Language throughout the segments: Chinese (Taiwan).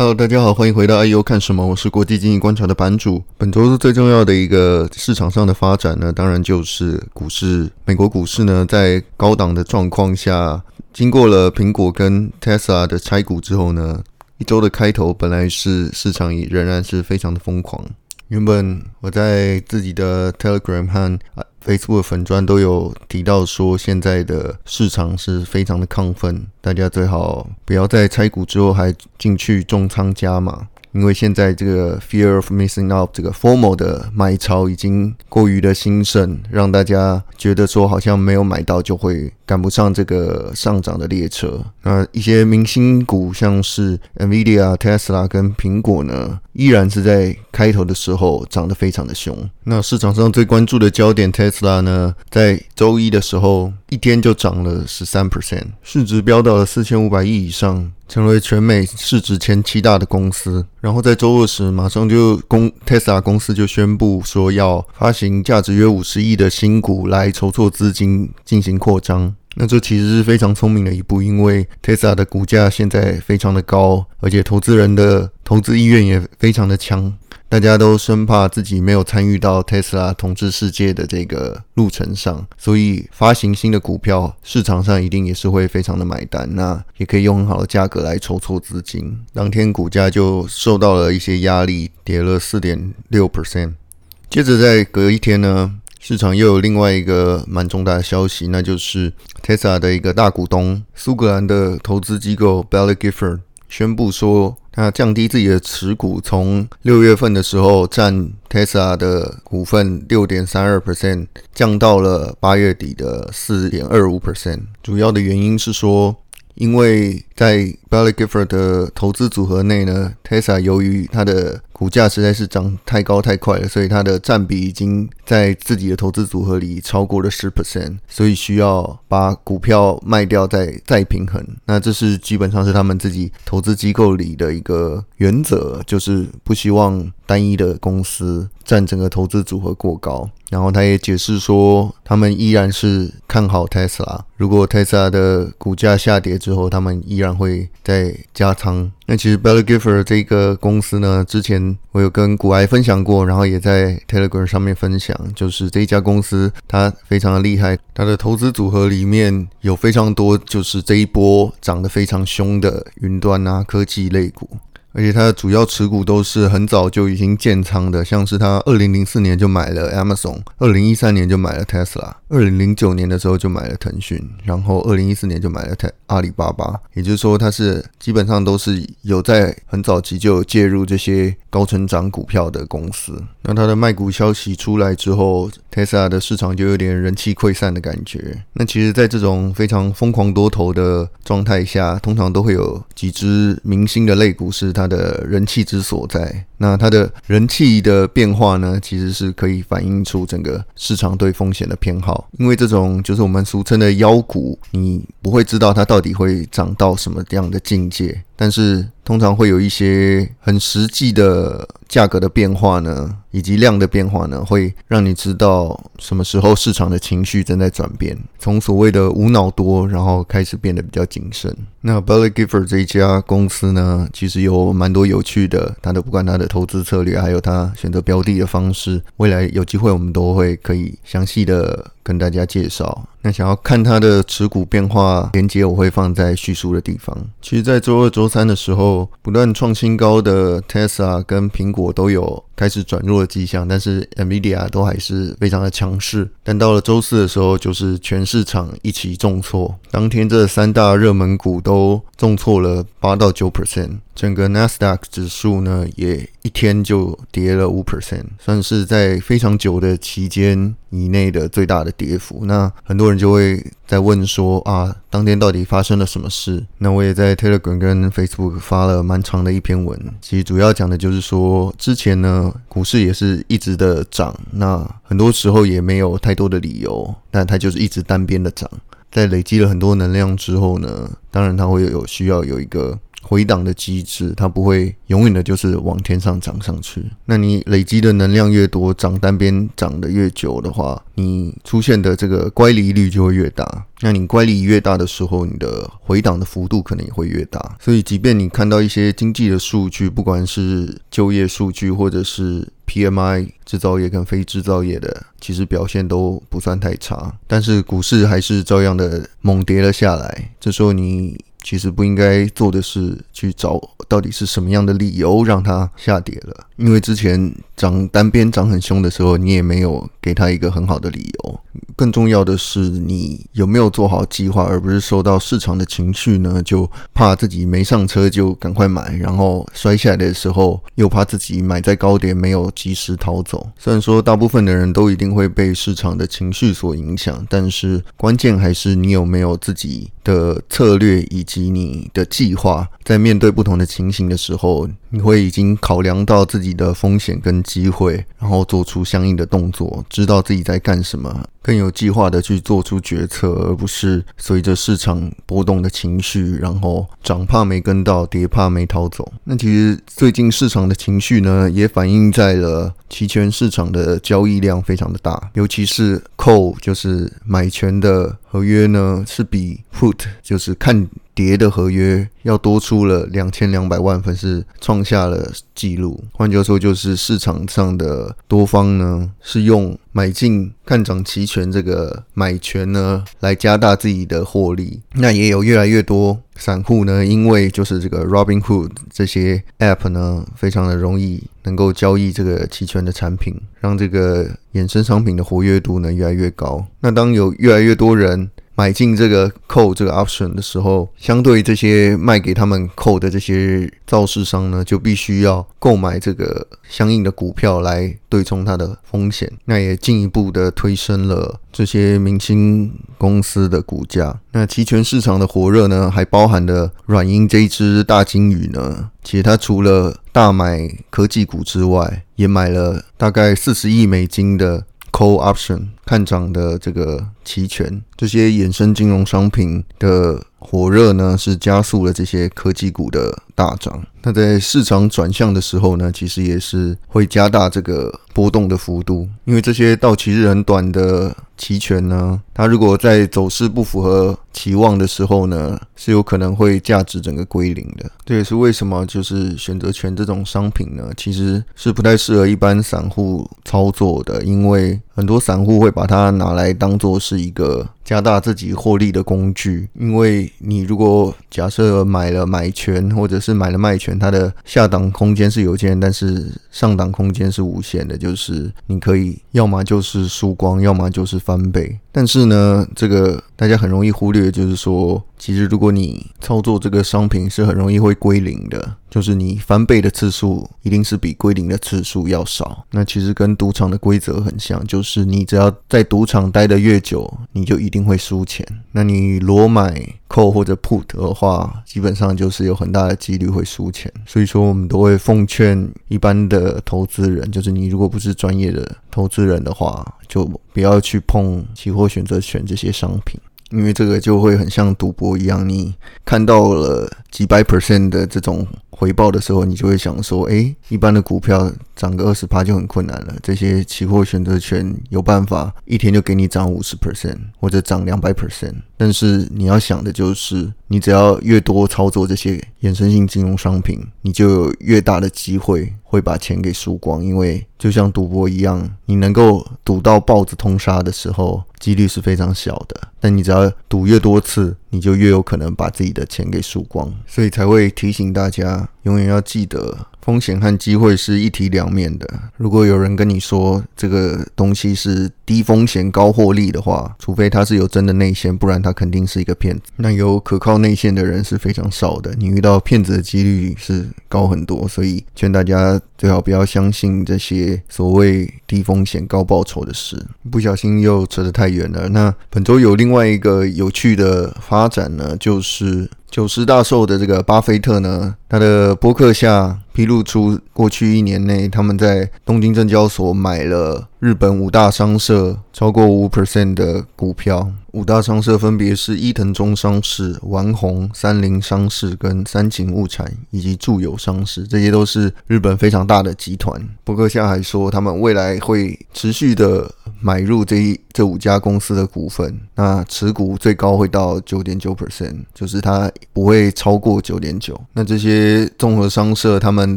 Hello，大家好，歡迎回到 IEO 看什麼？我是國際經濟觀察的版主。本周最重要的一個市場上的發展呢，當然就是股市。美國股市呢，在高檔的狀況下，經過了蘋果跟 Tesla 的拆股之後呢，一周的開頭本來是市場仍然是非常的瘋狂。原本我在自己的 Telegram 和 Facebook 粉專都有提到說，現在的市場是非常的亢奮，大家最好不要在拆股之後還進去重倉加碼。因為現在這個 fear of missing out 這個 FOMO 的買潮已經過於的興盛，讓大家覺得說好像沒有買到就會趕不上這個上漲的列車。那一些明星股像是 Nvidia、Tesla 跟蘋果呢，依然是在開頭的時候漲得非常的凶。那市場上最關注的焦點 Tesla 呢，在周一的時候一天就漲了十三 percent，市值飆到了四千五百億以上。成為全美市值前七大的公司，然後在周二時，馬上就公 Tesla 公司就宣布說要發行價值約五十億的新股來籌措資金進行擴張。那這其實是非常聰明的一步，因為 Tesla 的股價現在非常的高，而且投資人的投資意願也非常的強。大家都生怕自己沒有參與到 Tesla 統治世界的這個路程上，所以發行新的股票，市場上一定也是會非常的買單，那也可以用很好的價格來籌措資金。當天股價就受到了一些壓力，跌了四點六%。接着在隔一天呢，市場又有另外一個蠻重大的消息，那就是 Tesla 的一個大股東蘇格蘭的投資機構 Baillie Gifford 宣布說。他降低自己的持股，從六月份的時候占 Tesla 的股份六點三二 percent，降到了八月底的四點二五 percent。主要的原因是說，因為在 Baillie Gifford 的投資組合內呢，Tesla 由於它的，股價實在是漲太高太快了，所以它的占比已經在自己的投資組合裡超過了十 percent，所以需要把股票賣掉再，再再平衡。那這是基本上是他們自己投資機構裡的一個原則，就是不希望。單一的公司佔整個投資組合過高，然後他也解釋說，他們依然是看好 Tesla。如果 Tesla 的股價下跌之後，他們依然會再加倉。那其實 Baillie Gifford 這個公司呢，之前我有跟股癌分享過，然後也在 Telegram 上面分享，就是這一家公司，它非常的厲害，它的投資組合裡面有非常多，就是這一波漲得非常兇的雲端啊、科技類股。而且他的主要持股都是很早就已經建倉的，像是他2004年就買了 Amazon，2013 年就買了 Tesla，2009 年的時候就買了騰訊，然後2014年就買了 Tesla。阿里巴巴，也就是說，它是基本上都是有在很早期就有介入這些高成長股票的公司。那它的賣股消息出來之後，Tesla 的市場就有點人氣潰散的感覺。那其實，在這種非常瘋狂多頭的狀態下，通常都會有幾隻明星的類股是它的人氣之所在。那它的人氣的變化呢，其實是可以反映出整個市場對風險的偏好。因為這種就是我們俗稱的妖股，你不會知道它到到底會漲到什麼樣的境界？但是通常會有一些很實際的價格的變化呢，以及量的變化呢，會讓你知道什麼時候市場的情緒正在轉變，從所謂的無腦多，然後開始變得比較謹慎。那 Baillie Gifford 這家公司呢，其實有蠻多有趣的，他的不管他的投資策略，還有他選擇標的的方式，未來有機會我們都會可以詳細的跟大家介紹。那想要看它的持股變化，連接我會放在敘述的地方。其實，在週二、週三的時候不斷創新高的 Tesla 跟蘋果都有。開始轉弱的跡象，但是 NVIDIA 都還是非常的強勢。但到了週四的時候，就是全市場一起重挫。當天這三大熱門股都重挫了八到九 percent，整個 NASDAQ 指數呢也一天就跌了五 percent，算是在非常久的期間以內的最大的跌幅。那很多人就會再問說啊，當天到底發生了什麼事？那我也在 Telegram 跟 Facebook 發了蠻長的一篇文，其實主要講的就是說之前呢。股市也是一直的漲，那很多時候也沒有太多的理由，但它就是一直單邊的漲，在累積了很多能量之後呢，當然它會有需要有一個。回檔的機制，它不會永遠的就是往天上漲上去。那你累積的能量越多，漲單邊漲得越久的話，你出現的這個乖離率就會越大。那你乖離越大的時候，你的回檔的幅度可能也會越大。所以，即便你看到一些經濟的數據，不管是就業數據或者是 PMI 製造業跟非製造業的，其實表現都不算太差，但是股市還是照樣的猛跌了下來。這時候你。其實不應該做的是去找到底是什麼樣的理由讓它下跌了，因為之前漲單邊漲很凶的時候，你也沒有給它一個很好的理由。更重要的是，你有沒有做好計劃，而不是受到市場的情緒呢？就怕自己沒上車就趕快買，然後摔下來的時候又怕自己買在高點沒有及時逃走。雖然說大部分的人都一定會被市場的情緒所影響，但是關鍵還是你有沒有自己。的策略，以及你的計劃，在面對不同的情形的時候，你會已經考量到自己的風險跟機會，然後做出相應的動作，知道自己在幹什麼。更有計劃的去做出決策，而不是隨着市場波動的情緒，然後漲怕沒跟到，跌怕沒逃走。那其實最近市場的情緒呢，也反映在了期權市場的交易量非常的大，尤其是 call 就是買權的合約呢，是比 put 就是看。別的合約要多出了兩千兩百萬份，是創下了紀錄。換句話說，就是市場上的多方呢，是用買進看漲期權這個買權呢，來加大自己的獲利。那也有越來越多散戶呢，因為就是這個 Robinhood 這些 app 呢，非常的容易能夠交易這個期權的產品，讓這個衍生商品的活躍度呢越來越高。那當有越來越多人。買進這個 call 這個 option 的時候，相對這些賣給他們 call 的這些造市商呢，就必須要購買這個相應的股票來對沖它的風險。那也進一步的推升了這些明星公司的股價。那期權市場的火熱呢，還包含了軟銀這一只大鯨魚呢，且它除了大買科技股之外，也買了大概四十億美金的 call option。看漲的這個期權，這些衍生金融商品的火熱呢，是加速了這些科技股的大漲。那在市場轉向的時候呢，其實也是會加大這個波動的幅度，因為這些到期日很短的期權呢，它如果在走勢不符合期望的時候呢，是有可能會價值整個歸零的。這也是為什麼就是選擇權這種商品呢，其實是不太適合一般散戶操作的，因為。很多散戶會把它拿來當做是一個。加大自己獲利的工具，因為你如果假設買了買權或者是買了賣權，它的下檔空間是有限，但是上檔空間是無限的，就是你可以要麼就是輸光，要麼就是翻倍。但是呢，這個大家很容易忽略，就是說，其實如果你操作這個商品是很容易會歸零的，就是你翻倍的次數一定是比歸零的次數要少。那其實跟賭場的規則很像，就是你只要在賭場待得越久，你就一定。會輸錢。那你裸買 call 或者 put 的話，基本上就是有很大的幾率會輸錢。所以說，我們都會奉勸一般的投資人，就是你如果不是專業的投資人的話，就不要去碰期貨選擇權這些商品。因為這個就會很像賭博一樣，你看到了幾百 percent 的這種回報的時候，你就會想說：“哎，一般的股票漲個二十趴就很困難了，這些期貨選擇權有辦法一天就給你漲五十 percent 或者漲兩百 percent。”但是你要想的就是，你只要越多操作這些衍生性金融商品，你就有越大的機會會把錢給輸光。因為就像賭博一樣，你能夠賭到豹子通殺的時候，幾率是非常小的。但你只要賭越多次，你就越有可能把自己的錢給輸光，所以才會提醒大家，永遠要記得風險和機會是一體兩面的。如果有人跟你說這個東西是低風險高獲利的話，除非他是有真的內線，不然他肯定是一個騙子。那有可靠內線的人是非常少的，你遇到騙子的幾率是高很多，所以勸大家最好不要相信這些所謂低風險高報酬的事。不小心又扯得太遠了。那本周有另外。另外一個有趣的發展呢，就是。九十大壽的這個巴菲特呢，他的波克夏披露出，過去一年內他們在東京證交所買了日本五大商社超過五 percent 的股票。五大商社分別是伊藤忠商事、丸紅、三菱商事、跟三井物產以及住友商事，這些都是日本非常大的集團。波克夏還說，他們未來會持續的買入這一這五家公司的股份，那持股最高會到九點九 percent，就是他。不會超過九點九。那這些綜合商社他們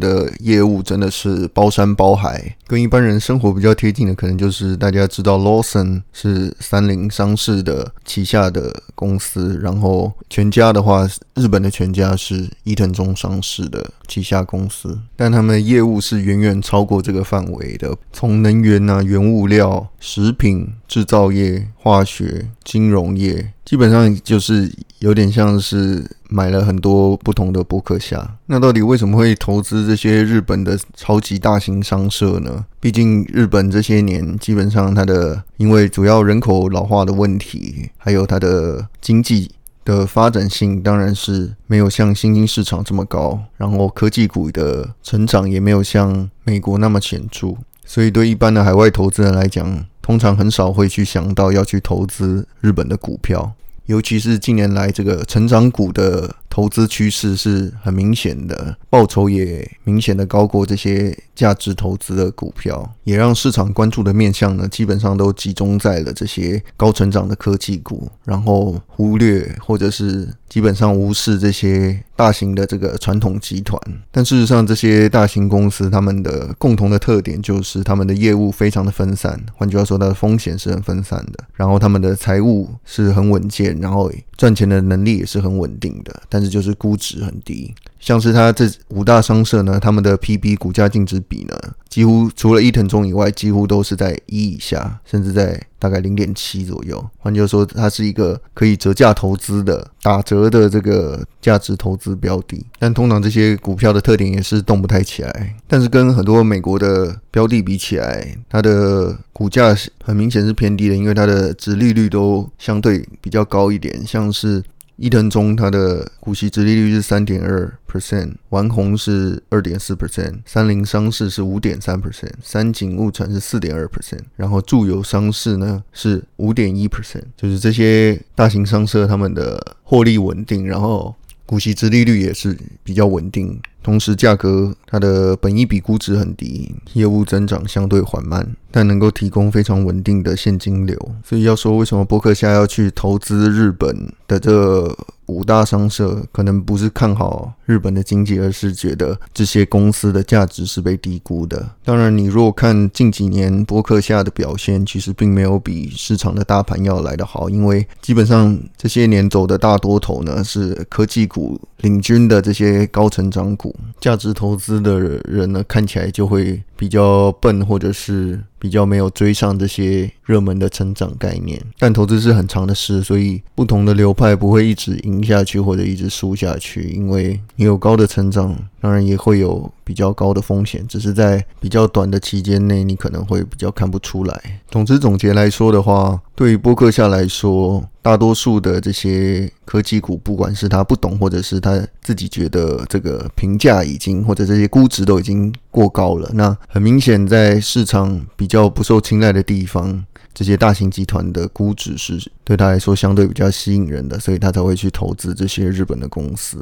的業務真的是包山包海，跟一般人生活比較貼近的，可能就是大家知道 Lawson 是三菱商事的旗下的公司，然後全家的話。日本的全家是伊藤忠商事的旗下公司，但他們的業務是遠遠超過這個範圍的，從能源啊、原物料、食品、製造業、化學、金融業，基本上就是有點像是買了很多不同的波克夏。那到底為什麼會投資這些日本的超級大型商社呢？畢竟日本這些年基本上它的，因為主要人口老化的問題，還有它的經濟。的發展性當然是沒有像新興市場這麼高，然後科技股的成長也沒有像美國那麼顯著，所以對一般的海外投資人來講，通常很少會去想到要去投資日本的股票，尤其是近年來這個成長股的。投資趨勢是很明顯的，報酬也明顯的高過這些價值投資的股票，也讓市場關注的面向呢，基本上都集中在了這些高成長的科技股，然後忽略或者是基本上無視這些大型的這個傳統集團。但事實上，這些大型公司他們的共同的特點就是他們的業務非常的分散，換句話說，它的風險是很分散的，然後他們的財務是很穩健，然後賺錢的能力也是很穩定的，但。就是估值很低，像是它這五大商社呢，他們的 PB 股價淨值比呢，幾乎除了伊藤忠以外，幾乎都是在一以下，甚至在大概零點七左右。換句話說，它是一個可以折價投資的打折的這個價值投資標的。但通常這些股票的特點也是動不太起來。但是跟很多美國的標的比起來，它的股價很明顯是偏低的，因為它的殖利率都相對比較高一點，像是，伊藤忠他的股息殖利率是三點二 percent，丸紅是二點四 percent，三菱商事是五點三 percent，三井物產是四點二 percent，然後住友商事呢是五點一 percent，就是這些大型商社他們的獲利穩定，然後。股息殖利率也是比較穩定，同時，價格它的本益比估值很低，業務增長相對緩慢，但能夠提供非常穩定的現金流。所以要說，為什麼波克夏要去投資日本的這個五大商社可能不是看好日本的經濟，而是覺得這些公司的價值是被低估的。當然，你若看近幾年波克夏的表現，其實並沒有比市場的大盤要來得好，因為基本上這些年走的大多頭呢是科技股領軍的這些高成長股，價值投資的人呢看起來就會比較笨，或者是比較沒有追上這些熱門的成長概念，但投資是很長的事，所以不同的流派不會一直贏下去，或者一直輸下去，因為你有高的成長。當然也會有比較高的風險，只是在比較短的期間內，你可能會比較看不出來。總之，總結來說的話，對於波克夏來說，大多數的這些科技股，不管是他不懂，或者是他自己覺得這個評價已經，或者這些估值都已經過高了。那很明顯，在市場比較不受青睞的地方，這些大型集團的估值是對他來說相對比較吸引人的，所以他才會去投資這些日本的公司。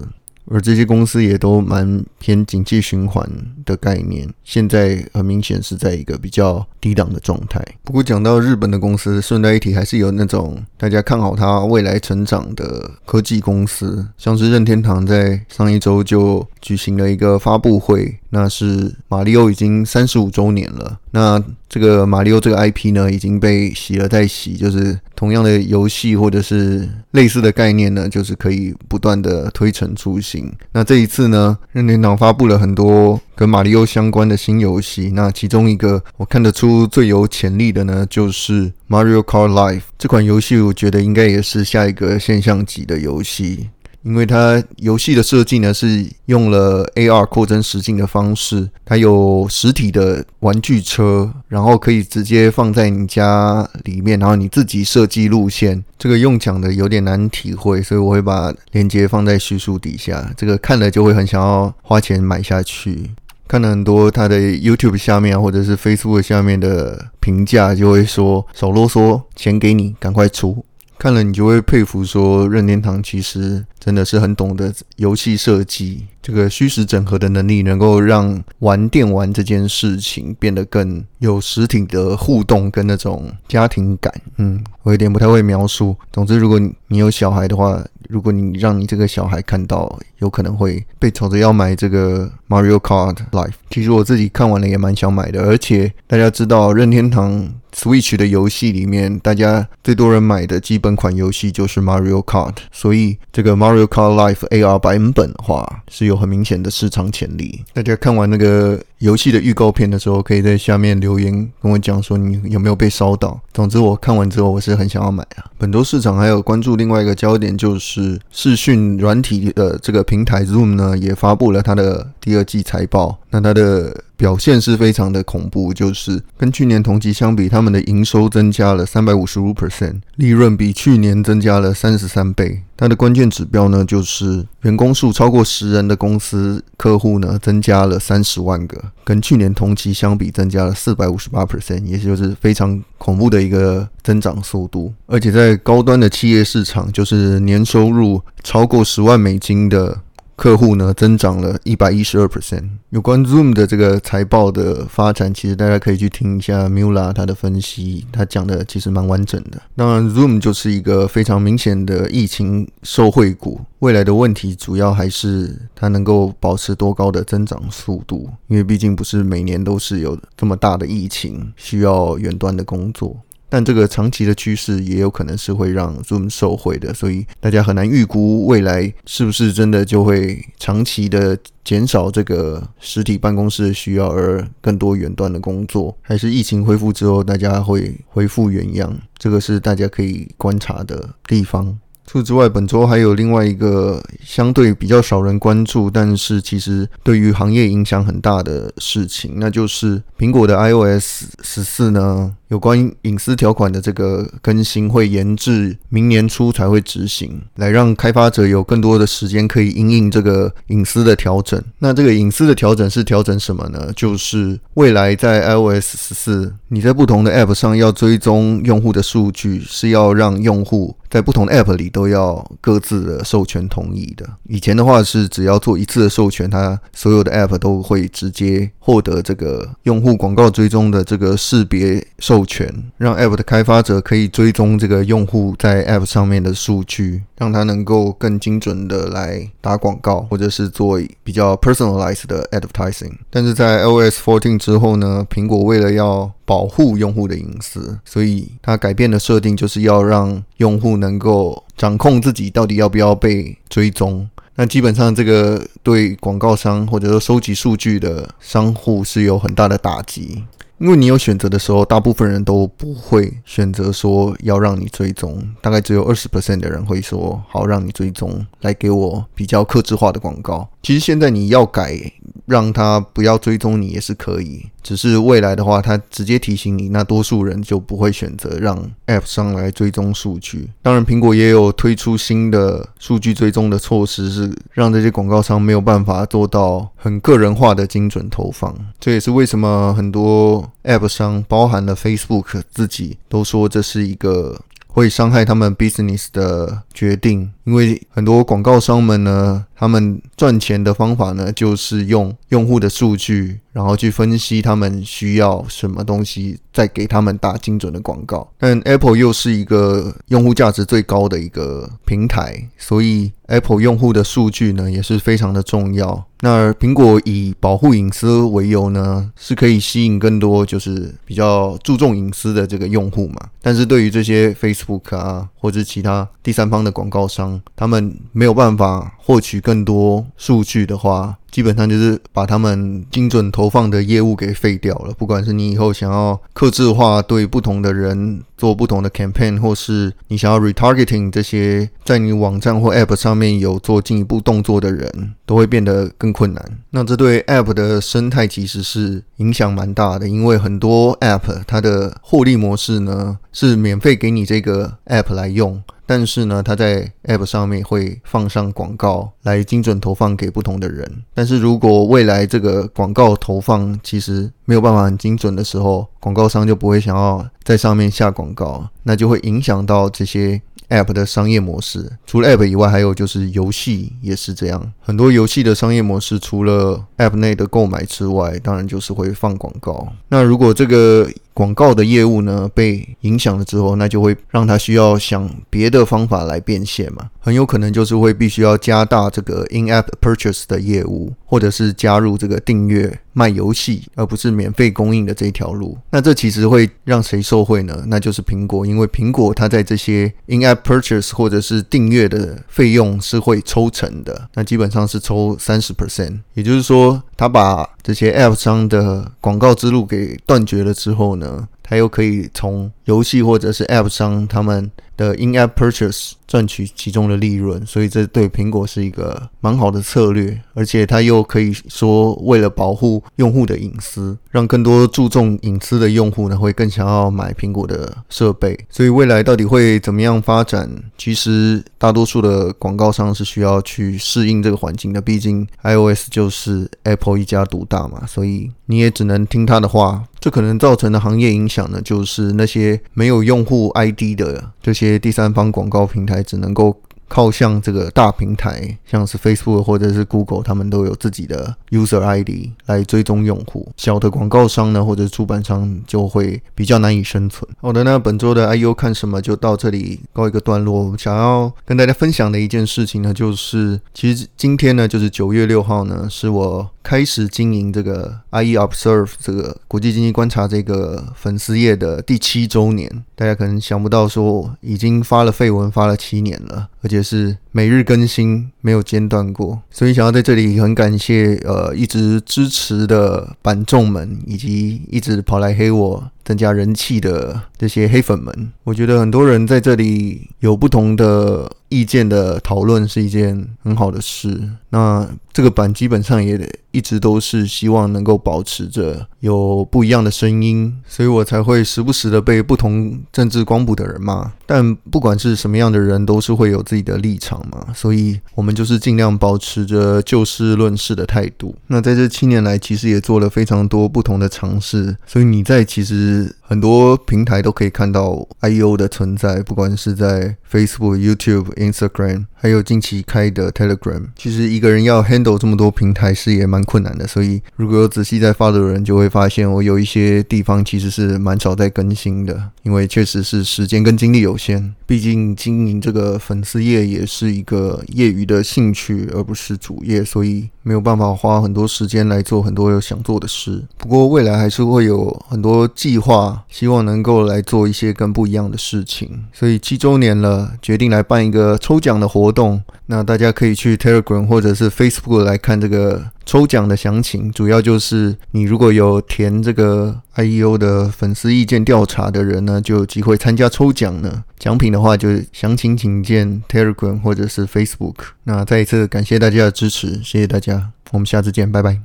而這些公司也都蠻偏景氣循環的概念，現在很明顯是在一個比較低檔的狀態。不過講到日本的公司，順帶一提還是有那種大家看好它未來成長的科技公司，像是任天堂在上一周就舉行了一個發布會。那是馬里奧已經三十五週年了。那這個馬里奧這個 IP 呢，已經被洗了再洗，就是同樣的遊戲或者是類似的概念呢，就是可以不斷的推陳出新。那這一次呢，任天堂發布了很多跟馬里奧相關的新遊戲。那其中一個我看得出最有潛力的呢，就是《Mario Kart Live》這款遊戲，我覺得應該也是下一個現象級的遊戲。因為它遊戲的設計呢，是用了 AR 擴增實境的方式，它有實體的玩具車，然後可以直接放在你家裡面，然後你自己設計路線。這個用講的有點難體會，所以我會把鏈接放在敘述底下。這個看了就會很想要花錢買下去。看了很多它的 YouTube 下面或者是 Facebook 下面的評價，就會說少囉嗦，錢給你，趕快出。看了你就會佩服，說任天堂其實。真的是很懂得遊戲設計。這個虛實整合的能力，能夠讓玩電玩這件事情變得更有實體的互動跟那種家庭感。嗯，我有點不太會描述。總之，如果你有小孩的話，如果你讓你這個小孩看到，有可能會被吵着要買這個 Mario Kart Live。其實我自己看完了也蠻想買的。而且大家知道，任天堂 Switch 的遊戲裡面，大家最多人買的基本款遊戲就是 Mario Kart。所以這個 Mario Kart Live AR 版本的話，是有。有很明顯的市場潛力，大家看完那個遊戲的預告片的時候，可以在下面留言跟我講說你有沒有被燒到。總之，我看完之後我是很想要買啊。本周市場還有關注另外一個焦點，就是視訊軟體的這個平台 Zoom 呢，也發布了它的第二季財報。那它的表現是非常的恐怖，就是跟去年同期相比，他們的營收增加了三百五十五 percent，利潤比去年增加了三十三倍。它的關鍵指標呢，就是員工數超過十人的公司客戶呢，增加了三十萬個。跟去年同期相比，增加了四百五十八 percent，也就是非常恐怖的一個增長速度。而且在高端的企業市場，就是年收入超過十萬美金的。客戶呢增長了一百一十二 percent。有關 Zoom 的這個財報的發展，其實大家可以去聽一下 Mula 他的分析，他講的其實蠻完整的。那 Zoom 就是一個非常明顯的疫情受惠股，未來的問題主要還是它能夠保持多高的增長速度，因為畢竟不是每年都是有這麼大的疫情需要遠端的工作。但這個長期的趨勢也有可能是會讓 Zoom 受惠的，所以大家很難預估未來是不是真的就會長期的減少這個實體辦公室的需要，而更多遠端的工作，還是疫情恢復之後大家會恢復原樣，這個是大家可以觀察的地方。除此之外，本週還有另外一個相對比較少人關注，但是其實對於行業影響很大的事情，那就是蘋果的 iOS 十四呢。有關隱私條款的這個更新會延至明年初才會執行，來讓開發者有更多的時間可以因應這個隱私的調整。那這個隱私的調整是調整什麼呢？就是未來在 iOS 十四，你在不同的 App 上要追蹤用戶的數據，是要讓用戶在不同的 App 裡都要各自的授權同意的。以前的話是只要做一次的授權，它所有的 App 都會直接獲得這個用戶廣告追蹤的這個識別授權，權讓 App 的開發者可以追蹤這個用戶在 App 上面的數據，讓他能夠更精準的來打廣告，或者是做比較 personalized 的 advertising。但是在 iOS 14之後呢，蘋果為了要保護用戶的隱私，所以它改變的設定就是要讓用戶能夠掌控自己到底要不要被追蹤。那基本上這個對廣告商或者說收集數據的商戶是有很大的打擊。因為你有選擇的時候，大部分人都不會選擇說要讓你追蹤，大概只有二十 percent 的人會說好，讓你追蹤來給我比較客製化的廣告。其實現在你要改、欸。讓他不要追蹤你也是可以，只是未來的話，他直接提醒你，那多數人就不會選擇讓 App 商來追蹤數據。當然，蘋果也有推出新的數據追蹤的措施，是讓這些廣告商沒有辦法做到很個人化的精準投放。這也是為什麼很多 App 商包含了 Facebook 自己都說這是一個會傷害他們 business 的決定，因為很多廣告商們呢。他們賺錢的方法呢，就是用用戶的數據，然後去分析他們需要什麼東西，再給他們打精準的廣告。但 Apple 又是一個用戶價值最高的一個平台，所以 Apple 用戶的數據呢，也是非常的重要。那蘋果以保護隱私為由呢，是可以吸引更多就是比較注重隱私的這個用戶嘛。但是對於這些 Facebook 啊，或者是其他第三方的廣告商，他們沒有辦法獲取更更多數據的話，基本上就是把他們精準投放的業務給廢掉了。不管是你以後想要客製化，對不同的人做不同的 campaign，或是你想要 retargeting 這些在你網站或 app 上面有做進一步動作的人，都會變得更困難。那這對 app 的生態其實是影響蠻大的，因為很多 app 它的獲利模式呢，是免費給你這個 app 來用。但是呢，它在 App 上面會放上廣告來精準投放給不同的人。但是如果未來這個廣告投放其實沒有辦法很精準的時候，廣告商就不會想要在上面下廣告，那就會影響到這些 App 的商業模式。除了 App 以外，還有就是遊戲也是這樣，很多遊戲的商業模式除了 App 內的購買之外，當然就是會放廣告。那如果這個廣告的業務呢，被影響了之後，那就會讓他需要想別的方法來變現嘛，很有可能就是會必須要加大這個 in-app purchase 的業務，或者是加入這個訂閱賣遊戲，而不是免費供應的這一條路。那這其實會讓誰受惠呢？那就是蘋果，因為蘋果它在這些 in-app purchase 或者是訂閱的費用是會抽成的，那基本上是抽三十 percent，也就是說，他把這些 app 商的廣告之路給斷絕了之後呢，它又可以從。遊戲或者是 App 商他們的 In App Purchase 賺取其中的利潤，所以這對蘋果是一個蠻好的策略，而且它又可以說為了保護用戶的隱私，讓更多注重隱私的用戶呢會更想要買蘋果的設備。所以未來到底會怎麼樣發展？其實大多數的廣告商是需要去適應這個環境的，畢竟 iOS 就是 Apple 一家獨大嘛，所以你也只能聽他的話。這可能造成的行業影響呢，就是那些。沒有用戶 ID 的這些第三方廣告平台，只能夠靠向這個大平台，像是 Facebook 或者是 Google，他們都有自己的 user ID 來追蹤用戶。小的廣告商呢，或者是出版商就會比較難以生存。好的，那本周的 IU 看什麼就到這裡告一個段落。想要跟大家分享的一件事情呢，就是其實今天呢，就是九月六號呢，是我。開始經營這個 IEObserve 這個國際經濟觀察這個粉絲頁的第七週年，大家可能想不到說已經發了廢文發了七年了，而且是每日更新沒有間斷過，所以想要在這裡很感謝呃一直支持的版眾們，以及一直跑來黑我增加人氣的這些黑粉們。我覺得很多人在這裡有不同的意見的討論是一件很好的事。那這個版基本上也得一直都是希望能夠保持着有不一樣的聲音，所以我才會時不時的被不同政治光譜的人罵。但不管是什麼樣的人，都是會有自己的立場嘛，所以我們就是盡量保持着就事論事的態度。那在這七年來，其實也做了非常多不同的嘗試，所以你在其實很多平台都可以看到 IEO 的存在，不管是在 Facebook、YouTube、Instagram，還有近期開的 Telegram，其實一。一個人要 handle 這麼多平台是也蠻困難的，所以如果有仔細在發的人就會發現，我有一些地方其實是蠻少在更新的，因為確實是時間跟精力有限，畢竟經營這個粉絲頁也是一個業餘的興趣，而不是主業，所以。沒有辦法花很多時間來做很多有想做的事，不過未來還是會有很多計劃，希望能夠來做一些跟不一樣的事情。所以七週年了，決定來辦一個抽獎的活動，那大家可以去 Telegram 或者是 Facebook 來看這個。抽獎的詳情主要就是，你如果有填這個 I E O 的粉絲意見調查的人呢，就有機會參加抽獎呢。獎品的話，就詳情請見 Telegram 或者是 Facebook。那再一次感謝大家的支持，謝謝大家，我們下次見，拜拜。